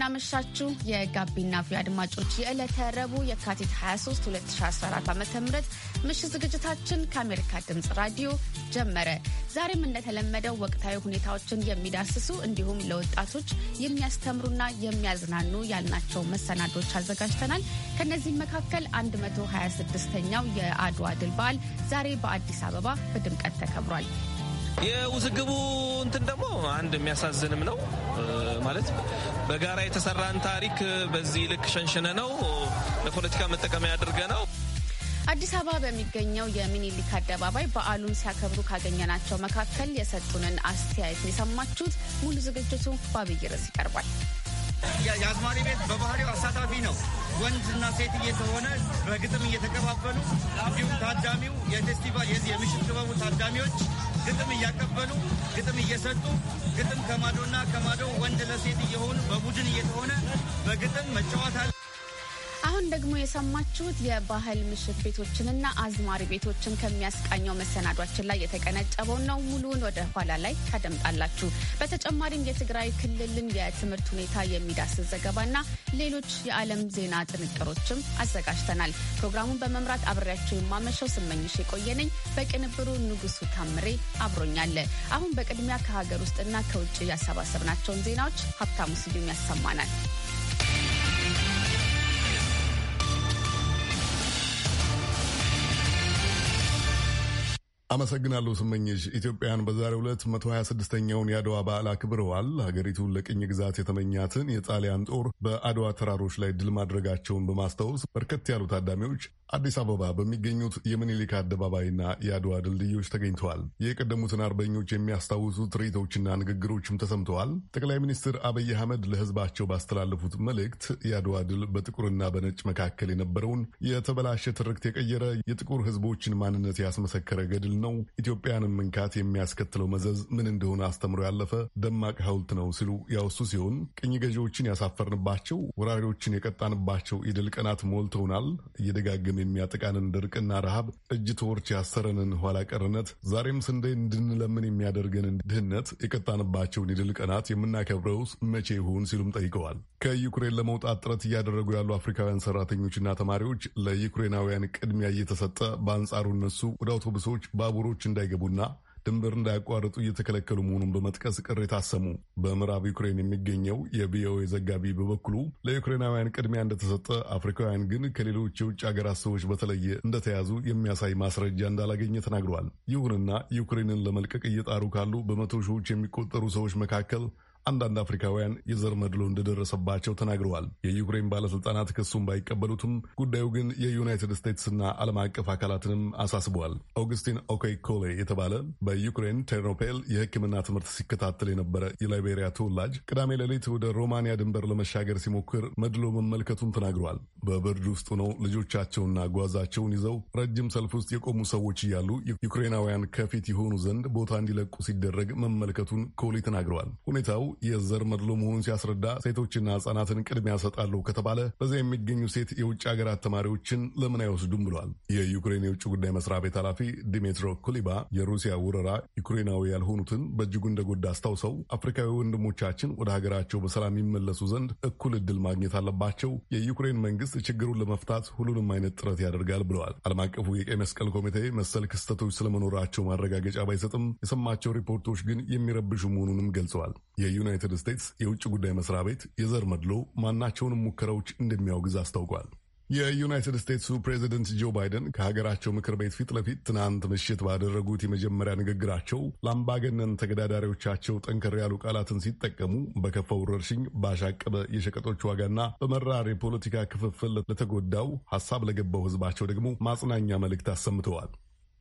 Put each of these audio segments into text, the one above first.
እንደምናመሻችሁ የጋቢና ቪ አድማጮች የዕለተ ረቡዕ የካቲት 23 2014 ዓ ም ምሽት ዝግጅታችን ከአሜሪካ ድምፅ ራዲዮ ጀመረ። ዛሬም እንደተለመደው ወቅታዊ ሁኔታዎችን የሚዳስሱ እንዲሁም ለወጣቶች የሚያስተምሩና የሚያዝናኑ ያልናቸው መሰናዶች አዘጋጅተናል። ከነዚህም መካከል 126ኛው የአድዋ ድል በዓል ዛሬ በአዲስ አበባ በድምቀት ተከብሯል። የውዝግቡ እንትን ደግሞ አንድ የሚያሳዝንም ነው ማለት በጋራ የተሰራን ታሪክ በዚህ ልክ ሸንሽነ ነው ለፖለቲካ መጠቀሚያ ያድርገ ነው። አዲስ አበባ በሚገኘው የሚኒሊክ አደባባይ በዓሉን ሲያከብሩ ካገኘናቸው መካከል የሰጡንን አስተያየት የሰማችሁት። ሙሉ ዝግጅቱ በአብይ ርዕስ ይቀርባል። የአዝማሪ ቤት በባህሪው አሳታፊ ነው። ወንድና ሴት እየተሆነ በግጥም እየተቀባበሉ እንዲሁም ታዳሚው የፌስቲቫል የዚህ የምሽት ክበቡ ታዳሚዎች ግጥም እያቀበሉ ግጥም እየሰጡ ግጥም ከማዶና ከማዶ ወንድ ለሴት እየሆኑ በቡድን እየተሆነ በግጥም መጫወት አለ። አሁን ደግሞ የሰማችሁት የባህል ምሽት ቤቶችንና አዝማሪ ቤቶችን ከሚያስቃኘው መሰናዷችን ላይ የተቀነጨበው ነው። ሙሉውን ወደ ኋላ ላይ ታደምጣላችሁ። በተጨማሪም የትግራይ ክልልን የትምህርት ሁኔታ የሚዳስስ ዘገባና ሌሎች የዓለም ዜና ጥንቅሮችም አዘጋጅተናል። ፕሮግራሙን በመምራት አብሬያቸው የማመሸው ስመኝሽ የቆየነኝ፣ በቅንብሩ ንጉሱ ታምሬ አብሮኛለ። አሁን በቅድሚያ ከሀገር ውስጥና ከውጭ ያሰባሰብናቸውን ዜናዎች ሀብታሙ ስዩም ያሰማናል። አመሰግናለሁ ስመኝሽ። ኢትዮጵያን በዛሬው ዕለት 126ኛውን የአድዋ በዓል አክብረዋል። ሀገሪቱን ለቅኝ ግዛት የተመኛትን የጣሊያን ጦር በአድዋ ተራሮች ላይ ድል ማድረጋቸውን በማስታወስ በርከት ያሉ ታዳሚዎች አዲስ አበባ በሚገኙት የምኒልክ አደባባይና የአድዋ ድልድዮች ተገኝተዋል። የቀደሙትን አርበኞች የሚያስታውሱ ትርኢቶችና ንግግሮችም ተሰምተዋል። ጠቅላይ ሚኒስትር አብይ አህመድ ለህዝባቸው ባስተላለፉት መልእክት የአድዋ ድል በጥቁርና በነጭ መካከል የነበረውን የተበላሸ ትርክት የቀየረ የጥቁር ህዝቦችን ማንነት ያስመሰከረ ገድል ነው፣ ኢትዮጵያንም መንካት የሚያስከትለው መዘዝ ምን እንደሆነ አስተምሮ ያለፈ ደማቅ ሐውልት ነው ሲሉ ያወሱ ሲሆን ቅኝ ገዢዎችን ያሳፈርንባቸው፣ ወራሪዎችን የቀጣንባቸው የድል ቀናት ሞልተውናል። እየደጋገመ የሚያጠቃንን ድርቅና ረሃብ፣ እጅ ተወርች ያሰረንን ኋላ ቀርነት፣ ዛሬም ስንዴ እንድንለምን የሚያደርገንን ድህነት የቀጣንባቸውን የድል ቀናት የምናከብረውስ መቼ ይሁን ሲሉም ጠይቀዋል። ከዩክሬን ለመውጣት ጥረት እያደረጉ ያሉ አፍሪካውያን ሰራተኞችና ተማሪዎች ለዩክሬናውያን ቅድሚያ እየተሰጠ በአንጻሩ እነሱ ወደ አውቶቡሶች በ ባቡሮች እንዳይገቡና ድንበር እንዳያቋርጡ እየተከለከሉ መሆኑን በመጥቀስ ቅሬታ አሰሙ። በምዕራብ ዩክሬን የሚገኘው የቪኦኤ ዘጋቢ በበኩሉ ለዩክሬናውያን ቅድሚያ እንደተሰጠ፣ አፍሪካውያን ግን ከሌሎች የውጭ ሀገራት ሰዎች በተለየ እንደተያዙ የሚያሳይ ማስረጃ እንዳላገኘ ተናግረዋል። ይሁንና ዩክሬንን ለመልቀቅ እየጣሩ ካሉ በመቶ ሺዎች የሚቆጠሩ ሰዎች መካከል አንዳንድ አፍሪካውያን የዘር መድሎ እንደደረሰባቸው ተናግረዋል። የዩክሬን ባለስልጣናት ክሱን ባይቀበሉትም ጉዳዩ ግን የዩናይትድ ስቴትስና ዓለም አቀፍ አካላትንም አሳስበዋል። ኦግስቲን ኦኬ ኮሌ የተባለ በዩክሬን ቴርኖፔል የሕክምና ትምህርት ሲከታተል የነበረ የላይቤሪያ ተወላጅ ቅዳሜ ሌሊት ወደ ሮማንያ ድንበር ለመሻገር ሲሞክር መድሎ መመልከቱን ተናግረዋል። በብርድ ውስጥ ሆነው ልጆቻቸውና ጓዛቸውን ይዘው ረጅም ሰልፍ ውስጥ የቆሙ ሰዎች እያሉ ዩክሬናውያን ከፊት የሆኑ ዘንድ ቦታ እንዲለቁ ሲደረግ መመልከቱን ኮሌ ተናግረዋል። ሁኔታው የዘር መድሎ መሆኑን ሲያስረዳ ሴቶችና ህጻናትን ቅድሚያ ያሰጣሉ ከተባለ በዚያ የሚገኙ ሴት የውጭ ሀገራት ተማሪዎችን ለምን አይወስዱም ብሏል። የዩክሬን የውጭ ጉዳይ መስሪያ ቤት ኃላፊ ዲሜትሮ ኩሊባ የሩሲያ ውረራ ዩክሬናዊ ያልሆኑትን በእጅጉ እንደጎዳ አስታውሰው አፍሪካዊ ወንድሞቻችን ወደ ሀገራቸው በሰላም ይመለሱ ዘንድ እኩል እድል ማግኘት አለባቸው። የዩክሬን መንግስት ችግሩን ለመፍታት ሁሉንም አይነት ጥረት ያደርጋል ብለዋል። ዓለም አቀፉ የቀይ መስቀል ኮሚቴ መሰል ክስተቶች ስለመኖራቸው ማረጋገጫ ባይሰጥም የሰማቸው ሪፖርቶች ግን የሚረብሹ መሆኑንም ገልጸዋል። የዩናይትድ ስቴትስ የውጭ ጉዳይ መስሪያ ቤት የዘር መድሎ ማናቸውንም ሙከራዎች እንደሚያወግዝ አስታውቋል። የዩናይትድ ስቴትሱ ፕሬዚደንት ጆ ባይደን ከሀገራቸው ምክር ቤት ፊት ለፊት ትናንት ምሽት ባደረጉት የመጀመሪያ ንግግራቸው ለአምባገነን ተገዳዳሪዎቻቸው ጠንከር ያሉ ቃላትን ሲጠቀሙ በከፋው ወረርሽኝ ባሻቀበ የሸቀጦች ዋጋና በመራር የፖለቲካ ክፍፍል ለተጎዳው ሀሳብ ለገባው ህዝባቸው ደግሞ ማጽናኛ መልእክት አሰምተዋል።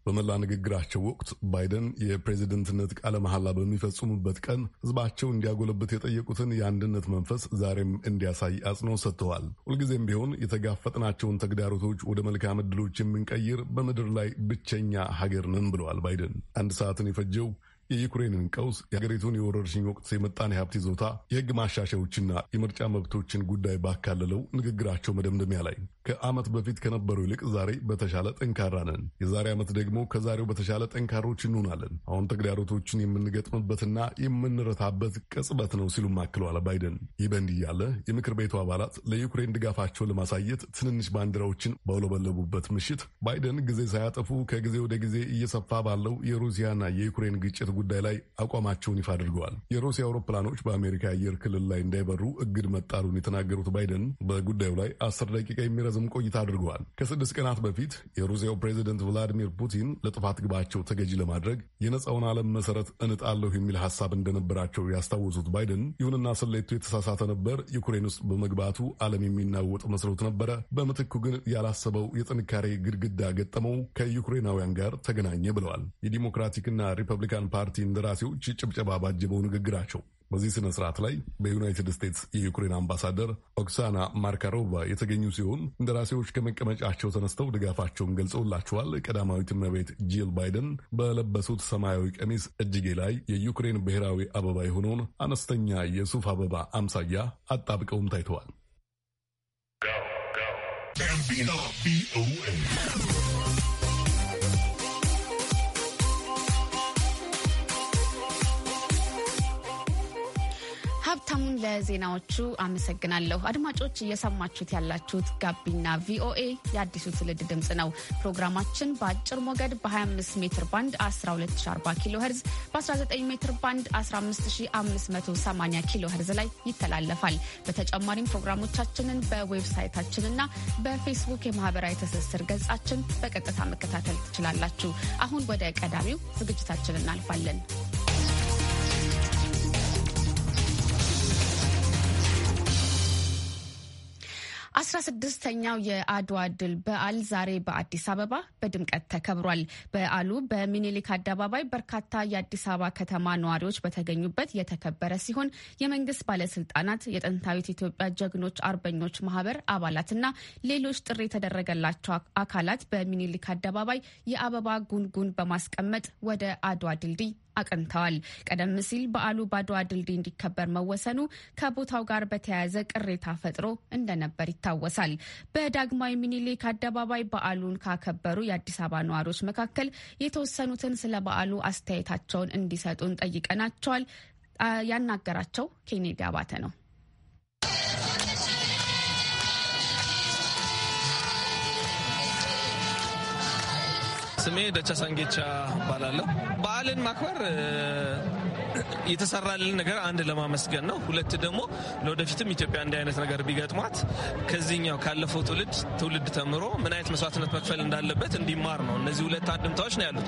በመላ ንግግራቸው ወቅት ባይደን የፕሬዚደንትነት ቃለ መሐላ በሚፈጽሙበት ቀን ህዝባቸው እንዲያጎለብት የጠየቁትን የአንድነት መንፈስ ዛሬም እንዲያሳይ አጽንኦት ሰጥተዋል። ሁልጊዜም ቢሆን የተጋፈጥናቸውን ተግዳሮቶች ወደ መልካም ዕድሎች የምንቀይር በምድር ላይ ብቸኛ ሀገር ነን ብለዋል ባይደን። አንድ ሰዓትን የፈጀው የዩክሬንን ቀውስ፣ የሀገሪቱን የወረርሽኝ ወቅት የመጣን ሀብት ይዞታ፣ የህግ ማሻሻዮችና የምርጫ መብቶችን ጉዳይ ባካለለው ንግግራቸው መደምደሚያ ላይ ከዓመት በፊት ከነበረው ይልቅ ዛሬ በተሻለ ጠንካራ ነን። የዛሬ ዓመት ደግሞ ከዛሬው በተሻለ ጠንካሮች እንሆናለን። አሁን ተግዳሮቶችን የምንገጥምበትና የምንረታበት ቅጽበት ነው ሲሉም አክለዋል ባይደን። ይህ በእንዲህ እያለ የምክር ቤቱ አባላት ለዩክሬን ድጋፋቸውን ለማሳየት ትንንሽ ባንዲራዎችን ባውለበለቡበት ምሽት ባይደን ጊዜ ሳያጠፉ ከጊዜ ወደ ጊዜ እየሰፋ ባለው የሩሲያና የዩክሬን ግጭት ጉዳይ ላይ አቋማቸውን ይፋ አድርገዋል። የሩሲያ አውሮፕላኖች በአሜሪካ አየር ክልል ላይ እንዳይበሩ እግድ መጣሉን የተናገሩት ባይደን በጉዳዩ ላይ አስር ደቂቃ የሚረዘ ጋርም ቆይታ አድርገዋል። ከስድስት ቀናት በፊት የሩሲያው ፕሬዚደንት ቭላዲሚር ፑቲን ለጥፋት ግባቸው ተገዢ ለማድረግ የነፃውን ዓለም መሰረት እንጣለሁ የሚል ሀሳብ እንደነበራቸው ያስታወሱት ባይደን፣ ይሁንና ስሌቱ የተሳሳተ ነበር። ዩክሬን ውስጥ በመግባቱ ዓለም የሚናወጥ መስሎት ነበረ። በምትኩ ግን ያላሰበው የጥንካሬ ግድግዳ ገጠመው፣ ከዩክሬናውያን ጋር ተገናኘ ብለዋል። የዲሞክራቲክና ሪፐብሊካን ፓርቲ እንደራሴዎች ጭብጨባ ባጀበው ንግግራቸው በዚህ ስነ ስርዓት ላይ በዩናይትድ ስቴትስ የዩክሬን አምባሳደር ኦክሳና ማርካሮቫ የተገኙ ሲሆን እንደራሴዎች ከመቀመጫቸው ተነስተው ድጋፋቸውን ገልጸውላቸዋል። ቀዳማዊት እመቤት ጂል ባይደን በለበሱት ሰማያዊ ቀሚስ እጅጌ ላይ የዩክሬን ብሔራዊ አበባ የሆነውን አነስተኛ የሱፍ አበባ አምሳያ አጣብቀውም ታይተዋል። ሀብታሙን ለዜናዎቹ አመሰግናለሁ። አድማጮች እየሰማችሁት ያላችሁት ጋቢና ቪኦኤ የአዲሱ ትውልድ ድምፅ ነው። ፕሮግራማችን በአጭር ሞገድ በ25 ሜትር ባንድ 12040 ኪሎ ሄርዝ፣ በ19 ሜትር ባንድ 15580 ኪሎ ሄርዝ ላይ ይተላለፋል። በተጨማሪም ፕሮግራሞቻችንን በዌብሳይታችንና በፌስቡክ የማህበራዊ ትስስር ገጻችን በቀጥታ መከታተል ትችላላችሁ። አሁን ወደ ቀዳሚው ዝግጅታችን እናልፋለን። አስራ ስድስተኛው የአድዋ ድል በዓል ዛሬ በአዲስ አበባ በድምቀት ተከብሯል። በዓሉ በሚኒሊክ አደባባይ በርካታ የአዲስ አበባ ከተማ ነዋሪዎች በተገኙበት የተከበረ ሲሆን የመንግስት ባለስልጣናት፣ የጥንታዊት ኢትዮጵያ ጀግኖች አርበኞች ማህበር አባላትና ሌሎች ጥሪ የተደረገላቸው አካላት በሚኒሊክ አደባባይ የአበባ ጉንጉን በማስቀመጥ ወደ አድዋ ድልድይ አቅንተዋል። ቀደም ሲል በዓሉ ባድዋ ድልድይ እንዲከበር መወሰኑ ከቦታው ጋር በተያያዘ ቅሬታ ፈጥሮ እንደነበር ይታወሳል። በዳግማዊ ሚኒሊክ አደባባይ በዓሉን ካከበሩ የአዲስ አበባ ነዋሪዎች መካከል የተወሰኑትን ስለ በዓሉ አስተያየታቸውን እንዲሰጡን ጠይቀናቸዋል። ያናገራቸው ኬኔዲ አባተ ነው። ስሜ ደቻ ሳንጌቻ እባላለሁ። በዓልን ማክበር የተሰራልን ነገር አንድ ለማመስገን ነው። ሁለት ደግሞ ለወደፊትም ኢትዮጵያ እንዲህ አይነት ነገር ቢገጥሟት ከዚህኛው ካለፈው ትውልድ ትውልድ ተምሮ ምን አይነት መስዋዕትነት መክፈል እንዳለበት እንዲማር ነው። እነዚህ ሁለት አንድምታዎች ነው ያሉት።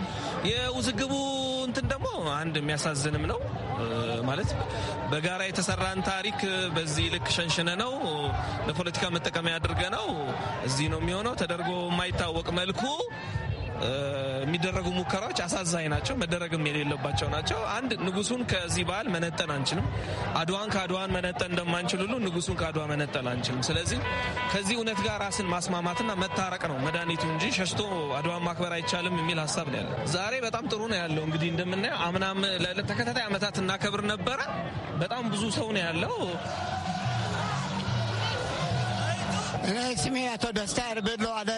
የውዝግቡ እንትን ደግሞ አንድ የሚያሳዝንም ነው ማለት በጋራ የተሰራን ታሪክ በዚህ ልክ ሸንሽነ ነው ለፖለቲካ መጠቀሚያ አድርገ ነው እዚህ ነው የሚሆነው ተደርጎ የማይታወቅ መልኩ የሚደረጉ ሙከራዎች አሳዛኝ ናቸው፣ መደረግም የሌለባቸው ናቸው። አንድ ንጉሱን ከዚህ በዓል መነጠን አንችልም። አድዋን ከአድዋን መነጠን እንደማንችል ሁሉ ንጉሱን ከአድዋ መነጠል አንችልም። ስለዚህ ከዚህ እውነት ጋር ራስን ማስማማትና መታረቅ ነው መድኃኒቱ እንጂ ሸሽቶ አድዋን ማክበር አይቻልም የሚል ሀሳብ ነው ያለ። ዛሬ በጣም ጥሩ ነው ያለው። እንግዲህ እንደምናየው አምናም ለተከታታይ ዓመታት እናከብር ነበረ። በጣም ብዙ ሰው ነው ያለው። ስሜ አቶ ደስታ እርብሎ ዋዳ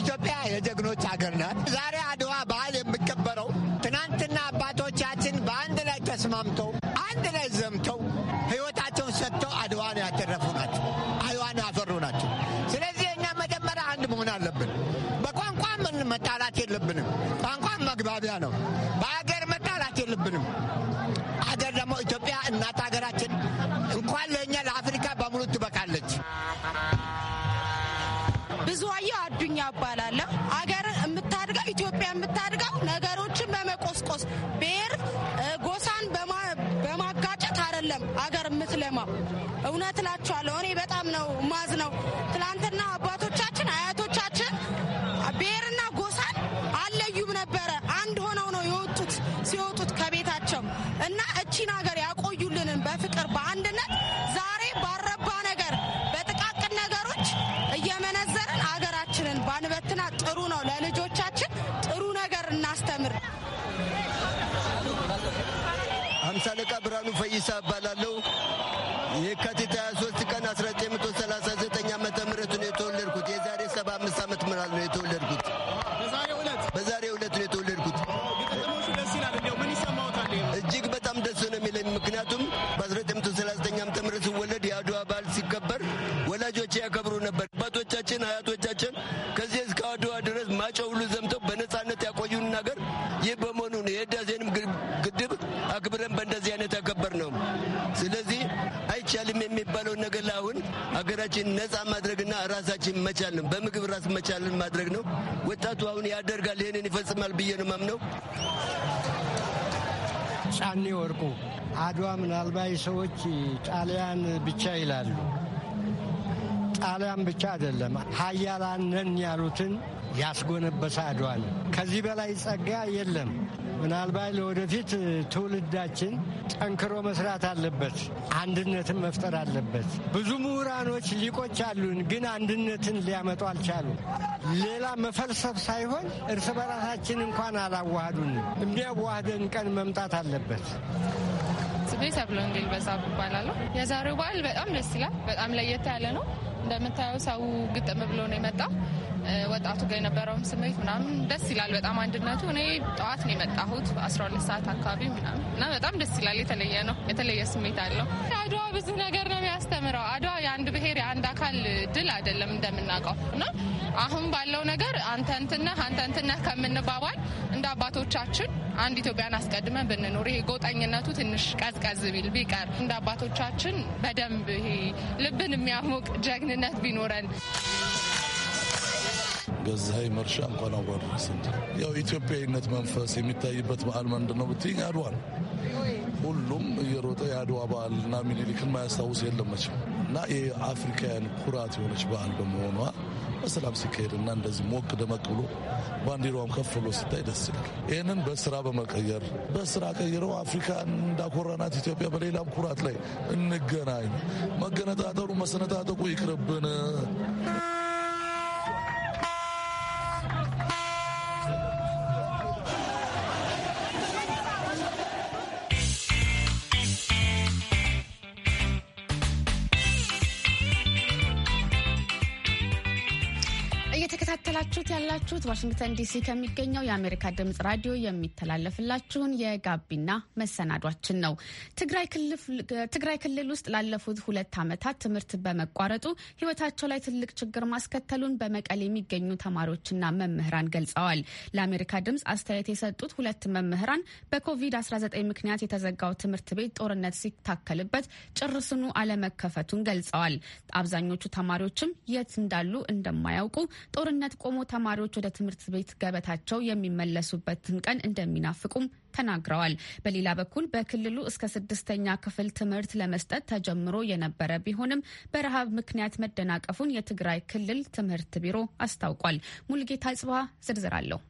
ኢትዮጵያ የጀግኖች ሀገር ናት። ዛሬ አድዋ በዓል የሚከበረው ትናንትና አባቶቻችን በአንድ ላይ ተስማምተው አንድ ላይ ዘምተው ህይወታቸውን ሰጥተው አድዋን ያተረፉ ናቸው። አድዋን ያፈሩ ናቸው። ስለዚህ እኛ መጀመሪያ አንድ መሆን አለብን። በቋንቋ ምን መጣላት የለብንም። ቋንቋ መግባቢያ ነው። በሀገር መጣላት የለብንም። ሀገር ደግሞ ኢትዮጵያ እናት ሀገራችን እንኳን ለእኛ ለአፍሪካ በሙሉ ትበቃለች። አርበኛ እባላለሁ። አገር የምታድገው ኢትዮጵያ የምታድገው ነገሮችን በመቆስቆስ ብሔር ጎሳን በማጋጨት አይደለም አገር የምትለማው። እውነት እላችኋለሁ እኔ ፋሪሳ እባላለሁ። የካቲት 23 ቀን 1939 ዓ ም ነው የተወለድኩት። የዛሬ 75 ዓመት ምናል ነው የተወለድኩት። በዛሬ ዕለት ነው የተወለድኩት። እጅግ በጣም ደስ ነው የሚለኝ ምክንያቱም በ1939 ዓ ም ስወለድ የአድዋ በዓል ሲከበር ወላጆቼ ያከብሩ ነበር። አባቶቻችን አያቶቻችን ሀገራችን ነጻ ማድረግና ራሳችን መቻልን በምግብ ራስ መቻልን ማድረግ ነው። ወጣቱ አሁን ያደርጋል፣ ይህንን ይፈጽማል ብዬ ነው ማምነው። ጫኔ ወርቁ አድዋ ምናልባት ሰዎች ጣሊያን ብቻ ይላሉ። ጣሊያን ብቻ አይደለም፣ ሀያላን ነን ያሉትን ያስጎነበሰ አድዋ ነው። ከዚህ በላይ ጸጋ የለም። ምናልባት ለወደፊት ትውልዳችን ጠንክሮ መስራት አለበት። አንድነትን መፍጠር አለበት። ብዙ ምሁራኖች፣ ሊቆች አሉን፣ ግን አንድነትን ሊያመጡ አልቻሉም። ሌላ መፈልሰፍ ሳይሆን እርስ በራሳችን እንኳን አላዋሃዱን። የሚያዋህደን ቀን መምጣት አለበት። ስቤ ሰብሎ እንግል በዛ ይባላለሁ። የዛሬው በዓል በጣም ደስ ይላል። በጣም ለየት ያለ ነው። እንደምታየው ሰው ግጥም ብሎ ነው የመጣው። ወጣቱ ጋር የነበረውም ስሜት ምናምን ደስ ይላል በጣም አንድነቱ። እኔ ጠዋት ነው የመጣሁት 12 ሰዓት አካባቢ ምናምን እና በጣም ደስ ይላል። የተለየ ነው፣ የተለየ ስሜት አለው። አድዋ ብዙ ነገር ነው የሚያስተምረው። አድዋ የአንድ ብሔር የአንድ አካል ድል አይደለም እንደምናውቀው እና አሁን ባለው ነገር አንተ አንተንትነ አንተ ከምንባባል እንደ አባቶቻችን አንድ ኢትዮጵያን አስቀድመን ብንኖር ይሄ ጎጠኝነቱ ትንሽ ቀዝቀዝ ቢል ቢቀር እንደ አባቶቻችን በደንብ ይሄ ልብን የሚያሞቅ ጀግን ደህንነት ቢኖረን ገዛኸኝ መርሻ እንኳን አብሮ ያው ኢትዮጵያዊነት መንፈስ የሚታይበት በዓል ምንድን ነው ብትይኝ አድዋ ነው። ሁሉም እየሮጠ የአድዋ በዓልና ሚኒሊክን ማያስታውስ የለም መቼም እና የአፍሪካውያን ኩራት የሆነች በዓል በመሆኗ በሰላም ሲካሄድና እንደዚህ ሞቅ ደመቅ ብሎ ባንዲራዋም ከፍ ብሎ ሲታይ ደስ ይላል። ይህንን በስራ በመቀየር በስራ ቀይረው አፍሪካ እንዳኮራናት ኢትዮጵያ በሌላም ኩራት ላይ እንገናኝ። መገነጣጠሩ መሰነጣጠቁ ይቅርብን። እያዳመጣችሁት ያላችሁት ዋሽንግተን ዲሲ ከሚገኘው የአሜሪካ ድምጽ ራዲዮ የሚተላለፍላችሁን የጋቢና መሰናዷችን ነው። ትግራይ ክልል ውስጥ ላለፉት ሁለት ዓመታት ትምህርት በመቋረጡ ሕይወታቸው ላይ ትልቅ ችግር ማስከተሉን በመቀሌ የሚገኙ ተማሪዎችና መምህራን ገልጸዋል። ለአሜሪካ ድምጽ አስተያየት የሰጡት ሁለት መምህራን በኮቪድ-19 ምክንያት የተዘጋው ትምህርት ቤት ጦርነት ሲታከልበት ጭርስኑ አለመከፈቱን ገልጸዋል። አብዛኞቹ ተማሪዎችም የት እንዳሉ እንደማያውቁ ጦርነት ቆሞ ተማሪዎች ወደ ትምህርት ቤት ገበታቸው የሚመለሱበትን ቀን እንደሚናፍቁም ተናግረዋል። በሌላ በኩል በክልሉ እስከ ስድስተኛ ክፍል ትምህርት ለመስጠት ተጀምሮ የነበረ ቢሆንም በረሃብ ምክንያት መደናቀፉን የትግራይ ክልል ትምህርት ቢሮ አስታውቋል። ሙልጌታ ጽባ ዝርዝር አለው።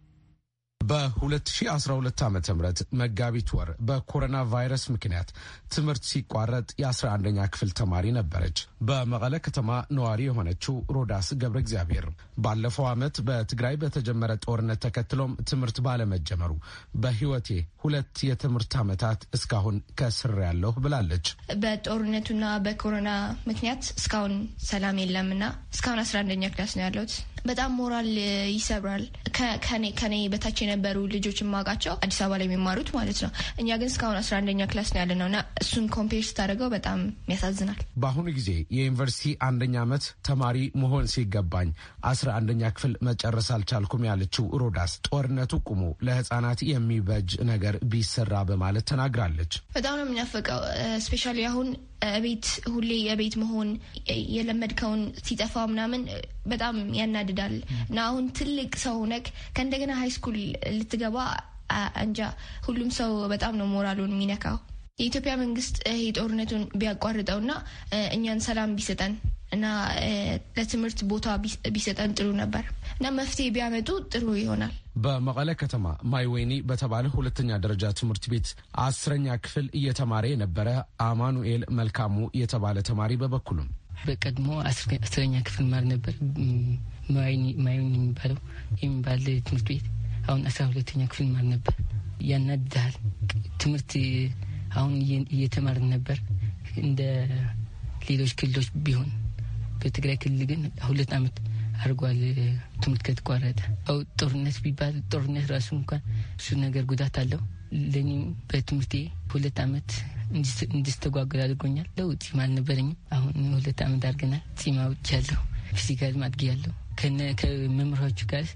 በ2012 ዓ ም መጋቢት ወር በኮሮና ቫይረስ ምክንያት ትምህርት ሲቋረጥ የ11ኛ ክፍል ተማሪ ነበረች። በመቀለ ከተማ ነዋሪ የሆነችው ሮዳስ ገብረ እግዚአብሔር ባለፈው ዓመት በትግራይ በተጀመረ ጦርነት ተከትሎም ትምህርት ባለመጀመሩ በሕይወቴ ሁለት የትምህርት ዓመታት እስካሁን ከስር ያለሁ ብላለች። በጦርነቱና በኮሮና ምክንያት እስካሁን ሰላም የለምና እስካሁን 11ኛ ክላስ ነው ያለሁት። በጣም ሞራል ይሰብራል። ከኔ በታች የነበሩ ልጆች የማውቃቸው አዲስ አበባ ላይ የሚማሩት ማለት ነው። እኛ ግን እስካሁን አስራ አንደኛ ክላስ ነው ያለ ነው እና እሱን ኮምፔር ስታደርገው በጣም ያሳዝናል። በአሁኑ ጊዜ የዩኒቨርሲቲ አንደኛ ዓመት ተማሪ መሆን ሲገባኝ አስራ አንደኛ ክፍል መጨረስ አልቻልኩም ያለችው ሮዳስ ጦርነቱ ቁሙ ለህጻናት የሚበጅ ነገር ቢሰራ በማለት ተናግራለች። በጣም ነው የምናፈቀው ስፔሻሊ አሁን ቤት ሁሌ የቤት መሆን የለመድከውን ሲጠፋ ምናምን በጣም ያናድዳል እና አሁን ትልቅ ሰው ሆነክ ከእንደገና ሀይ ስኩል ልትገባ እንጃ። ሁሉም ሰው በጣም ነው ሞራሉን የሚነካው። የኢትዮጵያ መንግስት ይሄ ጦርነቱን ቢያቋርጠውና እኛን ሰላም ቢሰጠን እና ለትምህርት ቦታ ቢሰጠን ጥሩ ነበር እና መፍትሄ ቢያመጡ ጥሩ ይሆናል። በመቀለ ከተማ ማይወይኒ በተባለ ሁለተኛ ደረጃ ትምህርት ቤት አስረኛ ክፍል እየተማረ የነበረ አማኑኤል መልካሙ የተባለ ተማሪ በበኩሉም በቀድሞ አስረኛ ክፍል ማር ነበር ማይወይኒ የሚባለው የሚባል ትምህርት ቤት አሁን አስራ ሁለተኛ ክፍል ማር ነበር። ያናድሃል። ትምህርት አሁን እየተማርን ነበር እንደ ሌሎች ክልሎች ቢሆን በትግራይ ክልል ግን ሁለት ዓመት አድርጓል ትምህርት ከተቋረጠ። አው ጦርነት ቢባል ጦርነት ራሱ እንኳን እሱ ነገር ጉዳት አለው። ለእኔ በትምህርቴ ሁለት ዓመት እንዲስተጓጎል አድርጎኛል። ለውጥ ጺም አልነበረኝም። አሁን ሁለት ዓመት አድርገናል። ጺም አውጥቻለሁ። ፊዚካል ማድጌ ያለው ከመምህሮቹ ጋር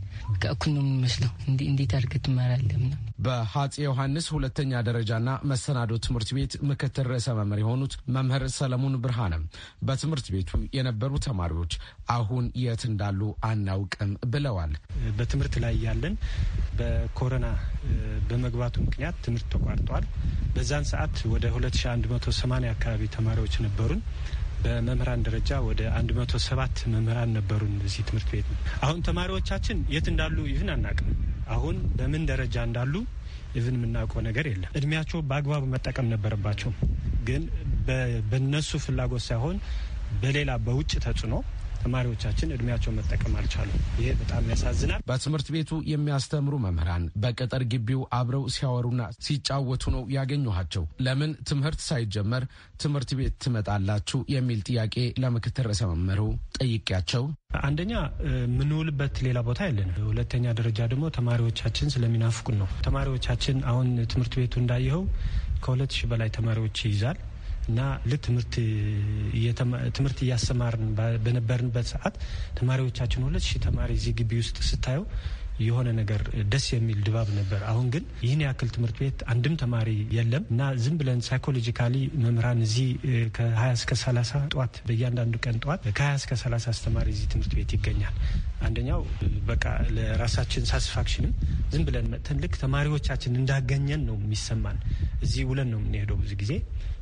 እኩል ነው የምንመስለው። እንዴት አድርገህ ትማራለህ? በሀጼ ዮሐንስ ሁለተኛ ደረጃና መሰናዶ ትምህርት ቤት ምክትል ርዕሰ መምህር የሆኑት መምህር ሰለሞን ብርሃንም በትምህርት ቤቱ የነበሩ ተማሪዎች አሁን የት እንዳሉ አናውቅም ብለዋል። በትምህርት ላይ ያለን በኮሮና በመግባቱ ምክንያት ትምህርት ተቋርጧል። በዛን ሰዓት ወደ 2180 አካባቢ ተማሪዎች ነበሩን። በመምህራን ደረጃ ወደ ሰባት መምህራን ነበሩን እዚህ ትምህርት ቤት። አሁን ተማሪዎቻችን የት እንዳሉ ይህን አናቅም። አሁን በምን ደረጃ እንዳሉ ይህን የምናውቀው ነገር የለም። እድሜያቸው በአግባቡ መጠቀም ነበረባቸው፣ ግን በነሱ ፍላጎት ሳይሆን በሌላ በውጭ ተጽዕኖ ተማሪዎቻችን እድሜያቸውን መጠቀም አልቻሉም። ይሄ በጣም ያሳዝናል። በትምህርት ቤቱ የሚያስተምሩ መምህራን በቅጥር ግቢው አብረው ሲያወሩና ሲጫወቱ ነው ያገኘኋቸው። ለምን ትምህርት ሳይጀመር ትምህርት ቤት ትመጣላችሁ የሚል ጥያቄ ለምክትል ርዕሰ መምህሩ ጠይቄያቸው አንደኛ የምንውልበት ሌላ ቦታ የለን። ሁለተኛ ደረጃ ደግሞ ተማሪዎቻችን ስለሚናፍቁን ነው። ተማሪዎቻችን አሁን ትምህርት ቤቱ እንዳየኸው ከሁለት ሺህ በላይ ተማሪዎች ይይዛል። እና ልክ ትምህርት እያሰማርን በነበርንበት ሰዓት ተማሪዎቻችን ሁለት ሺህ ተማሪ እዚህ ግቢ ውስጥ ስታየው የሆነ ነገር ደስ የሚል ድባብ ነበር። አሁን ግን ይህን ያክል ትምህርት ቤት አንድም ተማሪ የለም እና ዝም ብለን ሳይኮሎጂካሊ መምህራን እዚህ ከ20 እስከ 30 ጠዋት በእያንዳንዱ ቀን ጠዋት ከ20 እስከ 30 አስተማሪ እዚህ ትምህርት ቤት ይገኛል። አንደኛው በቃ ለራሳችን ሳቲስፋክሽንም ዝም ብለን መጥተን ልክ ተማሪዎቻችን እንዳገኘን ነው የሚሰማን። እዚህ ውለን ነው የምንሄደው ብዙ ጊዜ።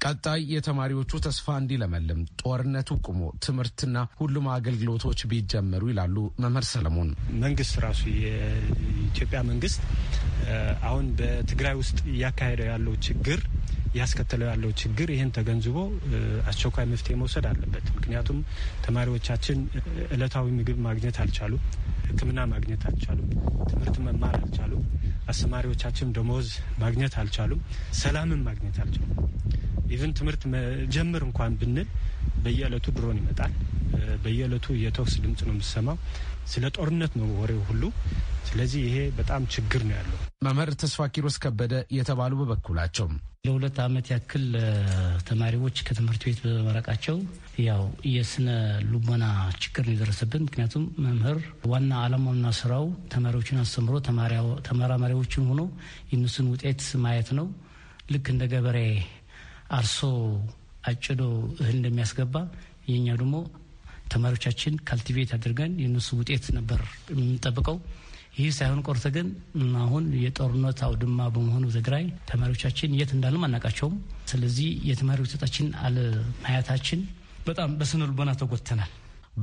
ቀጣይ የተማሪዎቹ ተስፋ እንዲለመልም ጦርነቱ ቁሞ ትምህርትና ሁሉም አገልግሎቶች ቢጀመሩ ይላሉ መምህር ሰለሞን። መንግስት ራሱ የኢትዮጵያ መንግስት አሁን በትግራይ ውስጥ እያካሄደው ያለው ችግር እያስከተለው ያለው ችግር ይህን ተገንዝቦ አስቸኳይ መፍትሄ መውሰድ አለበት። ምክንያቱም ተማሪዎቻችን እለታዊ ምግብ ማግኘት አልቻሉም፣ ሕክምና ማግኘት አልቻሉም፣ ትምህርት መማር አልቻሉም፣ አስተማሪዎቻችን ደሞዝ ማግኘት አልቻሉም፣ ሰላምን ማግኘት አልቻሉም። ኢቭን ትምህርት መጀመር እንኳን ብንል በየዕለቱ ድሮን ይመጣል። በየዕለቱ የተኩስ ድምጽ ነው የምሰማው። ስለ ጦርነት ነው ወሬው ሁሉ። ስለዚህ ይሄ በጣም ችግር ነው ያለው። መምህር ተስፋ ኪሮስ ከበደ የተባሉ በበኩላቸው ለሁለት ዓመት ያክል ተማሪዎች ከትምህርት ቤት በመረቃቸው ያው የስነ ልቦና ችግር ነው የደረሰብን። ምክንያቱም መምህር ዋና ዓላማውና ስራው ተማሪዎችን አስተምሮ ተመራማሪዎችን ሆኖ የእነሱን ውጤት ማየት ነው። ልክ እንደ ገበሬ አርሶ አጭዶ እህል እንደሚያስገባ የኛ ደግሞ ተማሪዎቻችን ካልቲቬት አድርገን የእነሱ ውጤት ነበር የምንጠብቀው። ይህ ሳይሆን ቆርተ ግን አሁን የጦርነት አውድማ በመሆኑ ትግራይ ተማሪዎቻችን የት እንዳለም አናቃቸውም። ስለዚህ የተማሪ ውጤታችን አለማየታችን በጣም በስነ ልቦና ተጎድተናል።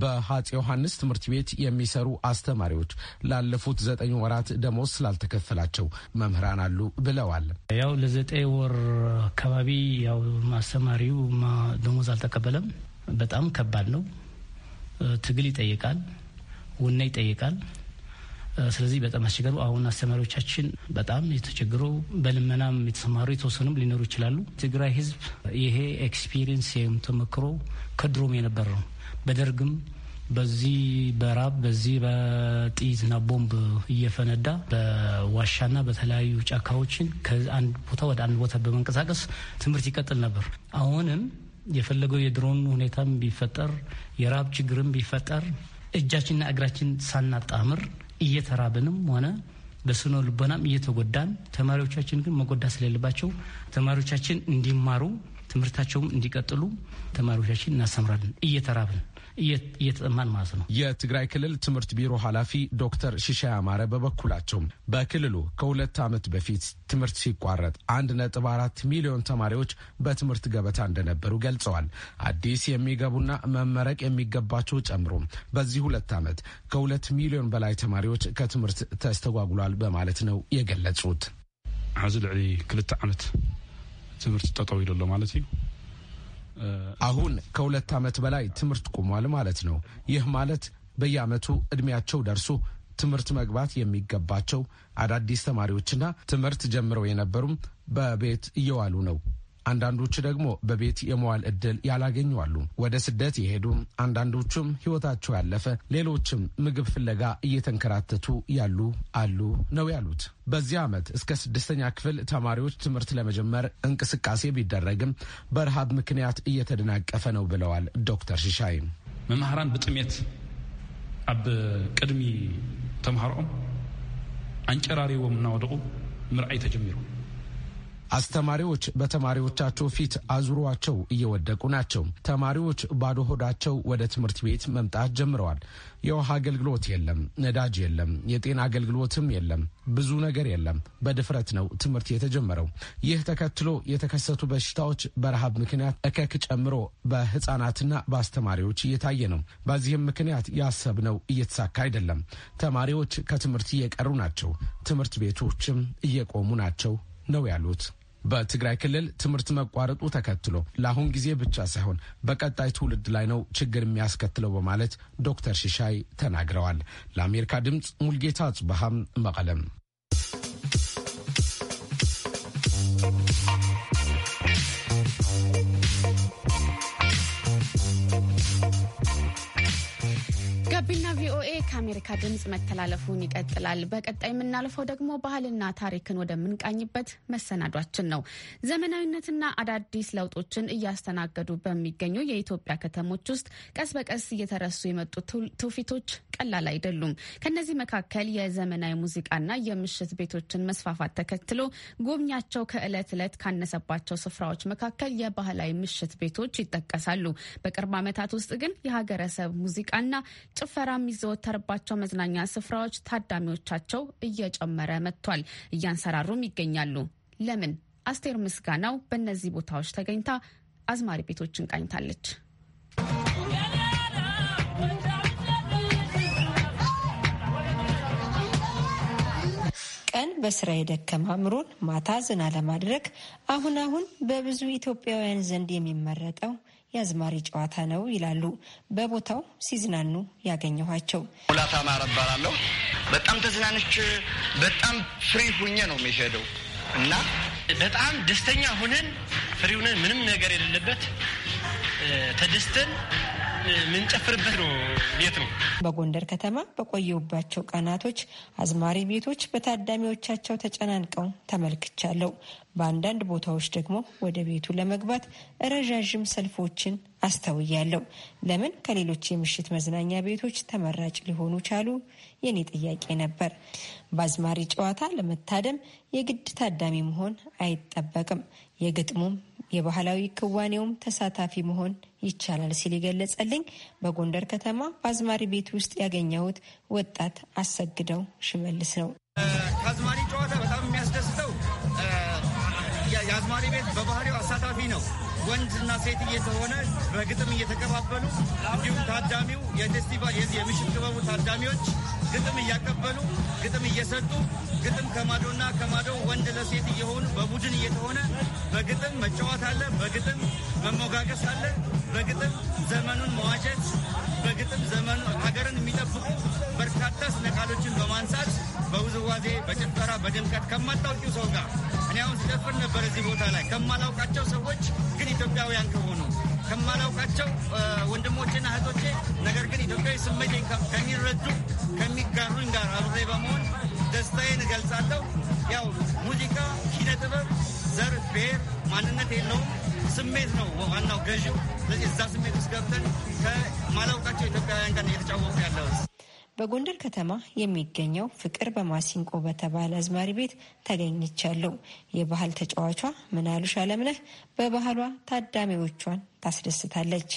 በሀፄ ዮሐንስ ትምህርት ቤት የሚሰሩ አስተማሪዎች ላለፉት ዘጠኝ ወራት ደሞዝ ስላልተከፈላቸው መምህራን አሉ ብለዋል። ያው ለዘጠኝ ወር አካባቢ ያው አስተማሪው ደሞዝ አልተቀበለም። በጣም ከባድ ነው። ትግል ይጠይቃል፣ ውና ይጠይቃል። ስለዚህ በጣም አስቸጋሪ አሁን አስተማሪዎቻችን በጣም የተቸግሮ በልመናም የተሰማሩ የተወሰኑም ሊኖሩ ይችላሉ። ትግራይ ህዝብ ይሄ ኤክስፒሪየንስ ወይም ተሞክሮ ከድሮም የነበረ ነው። በደርግም በዚህ በራብ በዚህ በጥይትና ቦምብ እየፈነዳ በዋሻና በተለያዩ ጫካዎችን ከአንድ ቦታ ወደ አንድ ቦታ በመንቀሳቀስ ትምህርት ይቀጥል ነበር። አሁንም የፈለገው የድሮን ሁኔታም ቢፈጠር የራብ ችግርም ቢፈጠር እጃችንና እግራችን ሳናጣምር እየተራብንም ሆነ በስነ ልቦናም እየተጎዳን ተማሪዎቻችን ግን መጎዳ ስለሌለባቸው ተማሪዎቻችን እንዲማሩ ትምህርታቸውም እንዲቀጥሉ ተማሪዎቻችን እናስተምራለን እየተራብን እየተጠማን ማለት ነው። የትግራይ ክልል ትምህርት ቢሮ ኃላፊ ዶክተር ሽሻይ አማረ በበኩላቸው በክልሉ ከሁለት ዓመት በፊት ትምህርት ሲቋረጥ አንድ ነጥብ አራት ሚሊዮን ተማሪዎች በትምህርት ገበታ እንደነበሩ ገልጸዋል። አዲስ የሚገቡና መመረቅ የሚገባቸው ጨምሮ በዚህ ሁለት ዓመት ከሁለት ሚሊዮን በላይ ተማሪዎች ከትምህርት ተስተጓጉሏል በማለት ነው የገለጹት። አዚ ልዕሊ ክልተ ዓመት ትምህርት ጠጠው ኢሉ ማለት እዩ አሁን ከሁለት ዓመት በላይ ትምህርት ቁሟል ማለት ነው። ይህ ማለት በየዓመቱ ዕድሜያቸው ደርሶ ትምህርት መግባት የሚገባቸው አዳዲስ ተማሪዎችና ትምህርት ጀምረው የነበሩም በቤት እየዋሉ ነው። አንዳንዶቹ ደግሞ በቤት የመዋል እድል ያላገኙዋሉ ወደ ስደት የሄዱ አንዳንዶቹም ህይወታቸው ያለፈ፣ ሌሎችም ምግብ ፍለጋ እየተንከራተቱ ያሉ አሉ ነው ያሉት። በዚህ ዓመት እስከ ስድስተኛ ክፍል ተማሪዎች ትምህርት ለመጀመር እንቅስቃሴ ቢደረግም በረሃብ ምክንያት እየተደናቀፈ ነው ብለዋል ዶክተር ሽሻይ። መምህራን ብጥሜት ኣብ ቅድሚ ተምሃሮኦም አንጨራሪዎም እናወደቁ ምርኣይ ተጀሚሩ አስተማሪዎች በተማሪዎቻቸው ፊት አዙሯቸው እየወደቁ ናቸው። ተማሪዎች ባዶ ሆዳቸው ወደ ትምህርት ቤት መምጣት ጀምረዋል። የውሃ አገልግሎት የለም፣ ነዳጅ የለም፣ የጤና አገልግሎትም የለም፣ ብዙ ነገር የለም። በድፍረት ነው ትምህርት የተጀመረው። ይህ ተከትሎ የተከሰቱ በሽታዎች በረሃብ ምክንያት እከክ ጨምሮ በህፃናትና በአስተማሪዎች እየታየ ነው። በዚህም ምክንያት ያሰብነው እየተሳካ አይደለም። ተማሪዎች ከትምህርት እየቀሩ ናቸው፣ ትምህርት ቤቶችም እየቆሙ ናቸው ነው ያሉት። በትግራይ ክልል ትምህርት መቋረጡ ተከትሎ ለአሁን ጊዜ ብቻ ሳይሆን በቀጣይ ትውልድ ላይ ነው ችግር የሚያስከትለው በማለት ዶክተር ሽሻይ ተናግረዋል። ለአሜሪካ ድምፅ ሙልጌታ አጽበሃም መቀለም ከአሜሪካ ድምፅ መተላለፉን ይቀጥላል። በቀጣይ የምናልፈው ደግሞ ባህልና ታሪክን ወደምንቃኝበት መሰናዷችን ነው። ዘመናዊነትና አዳዲስ ለውጦችን እያስተናገዱ በሚገኙ የኢትዮጵያ ከተሞች ውስጥ ቀስ በቀስ እየተረሱ የመጡ ትውፊቶች ቀላል አይደሉም። ከነዚህ መካከል የዘመናዊ ሙዚቃና የምሽት ቤቶችን መስፋፋት ተከትሎ ጎብኛቸው ከዕለት ዕለት ካነሰባቸው ስፍራዎች መካከል የባህላዊ ምሽት ቤቶች ይጠቀሳሉ። በቅርብ ዓመታት ውስጥ ግን የሀገረሰብ ሙዚቃና ጭፈራ የሚዘወተር በሚዘወተርባቸው መዝናኛ ስፍራዎች ታዳሚዎቻቸው እየጨመረ መጥቷል፣ እያንሰራሩም ይገኛሉ። ለምን? አስቴር ምስጋናው በእነዚህ ቦታዎች ተገኝታ አዝማሪ ቤቶችን ቃኝታለች። ቀን በስራ የደከመ አእምሮን ማታ ዝና ለማድረግ አሁን አሁን በብዙ ኢትዮጵያውያን ዘንድ የሚመረጠው የአዝማሪ ጨዋታ ነው ይላሉ በቦታው ሲዝናኑ ያገኘኋቸው። ሙላት አማረ እባላለሁ። በጣም ተዝናንች፣ በጣም ፍሪ ሁኜ ነው የሚሄደው እና በጣም ደስተኛ ሁነን ፍሪ ሁነን ምንም ነገር የሌለበት ተደስተን ምንጨፍርበት ነው ቤት ነው። በጎንደር ከተማ በቆየሁባቸው ቀናቶች አዝማሪ ቤቶች በታዳሚዎቻቸው ተጨናንቀው ተመልክቻለሁ። በአንዳንድ ቦታዎች ደግሞ ወደ ቤቱ ለመግባት ረዣዥም ሰልፎችን አስተውያለሁ። ለምን ከሌሎች የምሽት መዝናኛ ቤቶች ተመራጭ ሊሆኑ ቻሉ? የኔ ጥያቄ ነበር። በአዝማሪ ጨዋታ ለመታደም የግድ ታዳሚ መሆን አይጠበቅም። የግጥሙም የባህላዊ ክዋኔውም ተሳታፊ መሆን ይቻላል ሲል የገለጸልኝ በጎንደር ከተማ በአዝማሪ ቤት ውስጥ ያገኘሁት ወጣት አሰግደው ሽመልስ ነው። ወንድና ሴት እየተሆነ በግጥም እየተቀባበሉ እንዲሁም ታዳሚው የፌስቲቫል የዚህ የምሽት ክበቡ ታዳሚዎች ግጥም እያቀበሉ ግጥም እየሰጡ ግጥም ከማዶና ከማዶ ወንድ ለሴት እየሆኑ በቡድን እየተሆነ በግጥም መጫወት አለ፣ በግጥም መሞጋገስ አለ፣ በግጥም ዘመኑን መዋጀት፣ በግጥም ዘመኑ ሀገርን የሚጠብቁ በርካታ ስነ ቃሎችን በማንሳት በውዝዋዜ በጭፈራ በድምቀት ከማታውቂው ሰው ጋር እኔ አሁን ነበር እዚህ ቦታ ላይ ከማላውቃቸው ሰዎች ግን ኢትዮጵያውያን ከሆኑ ከማላውቃቸው ወንድሞቼና እህቶቼ ነገር ግን ኢትዮጵያዊ ስሜቴን ከሚረዱ ከሚጋሩኝ ጋር አብሬ በመሆን ደስታዬን እገልጻለሁ። ያው ሙዚቃ፣ ኪነ ጥበብ ዘር፣ ብሔር፣ ማንነት የለውም። ስሜት ነው ዋናው ገዢው። ስለዚህ እዛ ስሜት ውስጥ ገብተን ከማላውቃቸው ኢትዮጵያውያን ጋር እየተጫወቁ ያለሁት በጎንደር ከተማ የሚገኘው ፍቅር በማሲንቆ በተባለ አዝማሪ ቤት ተገኝቻለሁ። የባህል ተጫዋቿ ምናሉሽ አለምነህ በባህሏ ታዳሚዎቿን ታስደስታለች።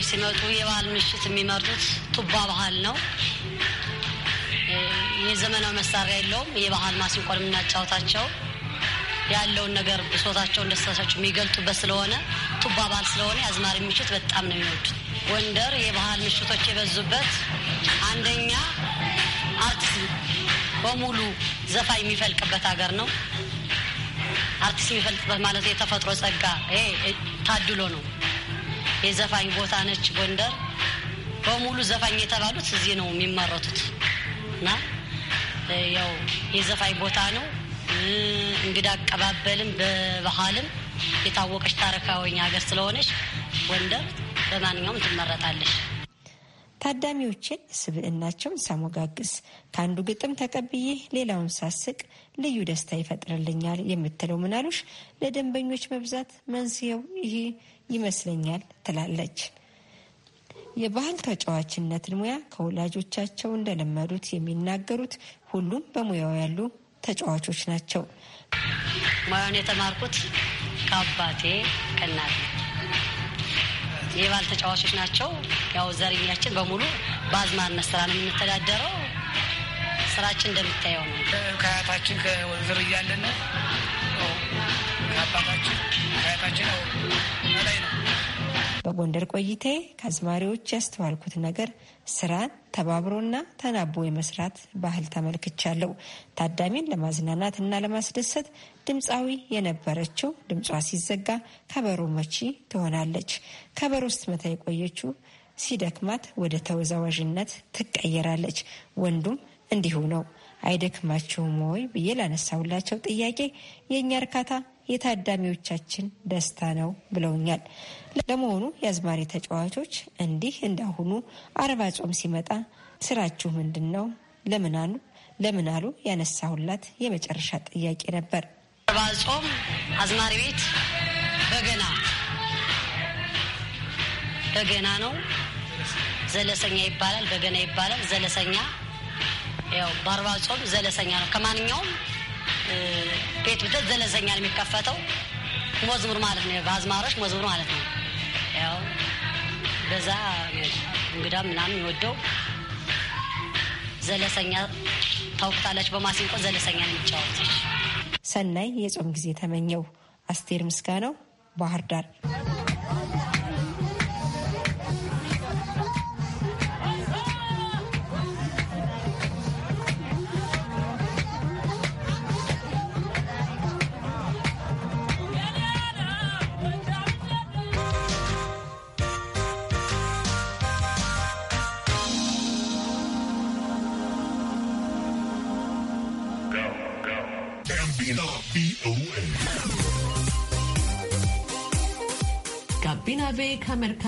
ሰዎች ሲመጡ የባህል ምሽት የሚመርጡት ቱባ ባህል ነው። የዘመናዊ መሳሪያ የለውም። የባህል ማሲንቆን የምናጫወታቸው ያለውን ነገር ብሶታቸውን፣ ደስታቸው የሚገልጡበት ስለሆነ ቱባ ባህል ስለሆነ የአዝማሪ ምሽት በጣም ነው የሚወዱት። ጎንደር የባህል ምሽቶች የበዙበት አንደኛ አርቲስት በሙሉ ዘፋኝ የሚፈልቅበት ሀገር ነው። አርቲስት የሚፈልቅበት ማለት የተፈጥሮ ጸጋ ታድሎ ነው። የዘፋኝ ቦታ ነች ጎንደር። በሙሉ ዘፋኝ የተባሉት እዚህ ነው የሚመረቱት እና ያው የዘፋኝ ቦታ ነው። እንግዳ አቀባበልም በባህልም የታወቀች ታሪካዊ ሀገር ስለሆነች ጎንደር በማንኛውም ትመረጣለች። ታዳሚዎችን ስብዕናቸውን ሳሞጋግስ ከአንዱ ግጥም ተቀብዬ ሌላውን ሳስቅ ልዩ ደስታ ይፈጥርልኛል የምትለው ምናሉሽ ለደንበኞች መብዛት መንስኤው ይሄ ይመስለኛል ትላለች። የባህል ተጫዋችነትን ሙያ ከወላጆቻቸው እንደለመዱት የሚናገሩት ሁሉም በሙያው ያሉ ተጫዋቾች ናቸው። ሙያውን የተማርኩት ከአባቴ ከእናቴ የባህል ተጫዋቾች ናቸው። ያው ዘርኛችን በሙሉ በአዝማሪነት ስራ ነው የምንተዳደረው። ስራችን እንደምታየው ነው። ከአያታችን ከወንዝር እያለን ከአባታችን ከአያታችን በጎንደር ቆይቴ ከአዝማሪዎች ያስተዋልኩት ነገር ስራን ተባብሮና ተናቦ የመስራት ባህል ተመልክቻለሁ። ታዳሚን ለማዝናናት እና ለማስደሰት ድምፃዊ የነበረችው ድምጿ ሲዘጋ ከበሮ መቺ ትሆናለች። ከበሮ ስትመታ የቆየችው ሲደክማት ወደ ተወዛዋዥነት ትቀየራለች። ወንዱም እንዲሁ ነው። አይደክማችሁም ወይ ብዬ ላነሳውላቸው ጥያቄ የእኛ እርካታ የታዳሚዎቻችን ደስታ ነው ብለውኛል። ለመሆኑ የአዝማሪ ተጫዋቾች እንዲህ እንዳሁኑ አርባ ጾም ሲመጣ ስራችሁ ምንድን ነው? ለምን አሉ ለምን አሉ ያነሳሁላት የመጨረሻ ጥያቄ ነበር። አርባ ጾም አዝማሪ ቤት በገና በገና ነው። ዘለሰኛ ይባላል፣ በገና ይባላል። ዘለሰኛ ያው በአርባ ጾም ዘለሰኛ ነው ከማንኛውም ቤቱ ደስ ነው የሚከፈተው መዝሙር ማለት ነው። በአዝማሮች መዝሙር ማለት ነው። ያው በዛ እንግዳ ምናምን የወደው ዘለሰኛ ታውቅታለች። በማሲንቆ ዘለሰኛ ነው የሚጫወት። ሰናይ የጾም ጊዜ ተመኘው። አስቴር ምስጋናው ባህር ዳር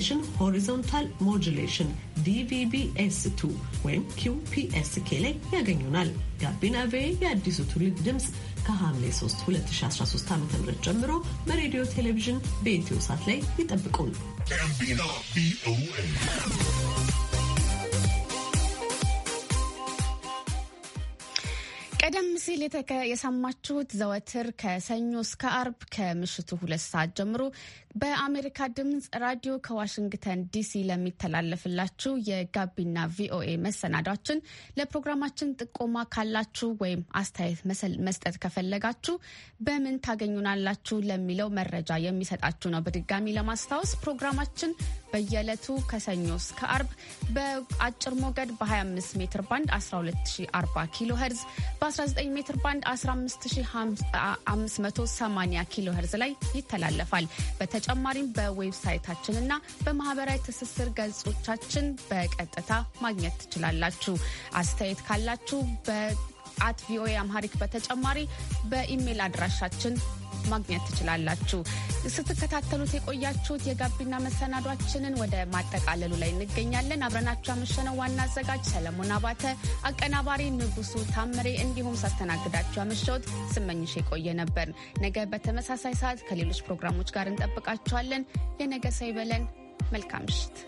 ፖላራይዜሽን ሆሪዞንታል ሞጁሌሽን ዲቪቢኤስ2 ወይም ኪውፒኤስኬ ላይ ያገኙናል። ጋቢና ቬ የአዲሱ ትውልድ ድምፅ ከሐምሌ 3 2013 ዓ ም ጀምሮ በሬዲዮ ቴሌቪዥን በኢትዮ ሳት ላይ ይጠብቁን። ቀደም ሲል የሰማችሁት ዘወትር ከሰኞ እስከ አርብ ከምሽቱ ሁለት ሰዓት ጀምሮ በአሜሪካ ድምፅ ራዲዮ ከዋሽንግተን ዲሲ ለሚተላለፍላችሁ የጋቢና ቪኦኤ መሰናዷችን ለፕሮግራማችን ጥቆማ ካላችሁ ወይም አስተያየት መስጠት ከፈለጋችሁ በምን ታገኙናላችሁ ለሚለው መረጃ የሚሰጣችሁ ነው። በድጋሚ ለማስታወስ ፕሮግራማችን በየዕለቱ ከሰኞ እስከ አርብ በአጭር ሞገድ በ25 ሜትር ባንድ 1240 ኪሎ ሄርዝ ሜትር ባንድ 15580 ኪሎ ሄርዝ ላይ ይተላለፋል። በተጨማሪም በዌብሳይታችን እና በማህበራዊ ትስስር ገጾቻችን በቀጥታ ማግኘት ትችላላችሁ። አስተያየት ካላችሁ በአት ቪኦኤ አምሃሪክ በተጨማሪ በኢሜይል አድራሻችን ማግኘት ትችላላችሁ። ስትከታተሉት የቆያችሁት የጋቢና መሰናዷችንን ወደ ማጠቃለሉ ላይ እንገኛለን። አብረናችሁ ያመሸነው ዋና አዘጋጅ ሰለሞን አባተ፣ አቀናባሪ ንጉሱ ታምሬ፣ እንዲሁም ሳስተናግዳችሁ ያመሸሁት ስመኝሽ የቆየ ነበር። ነገ በተመሳሳይ ሰዓት ከሌሎች ፕሮግራሞች ጋር እንጠብቃችኋለን። የነገ ሰው ይበለን። መልካም ምሽት።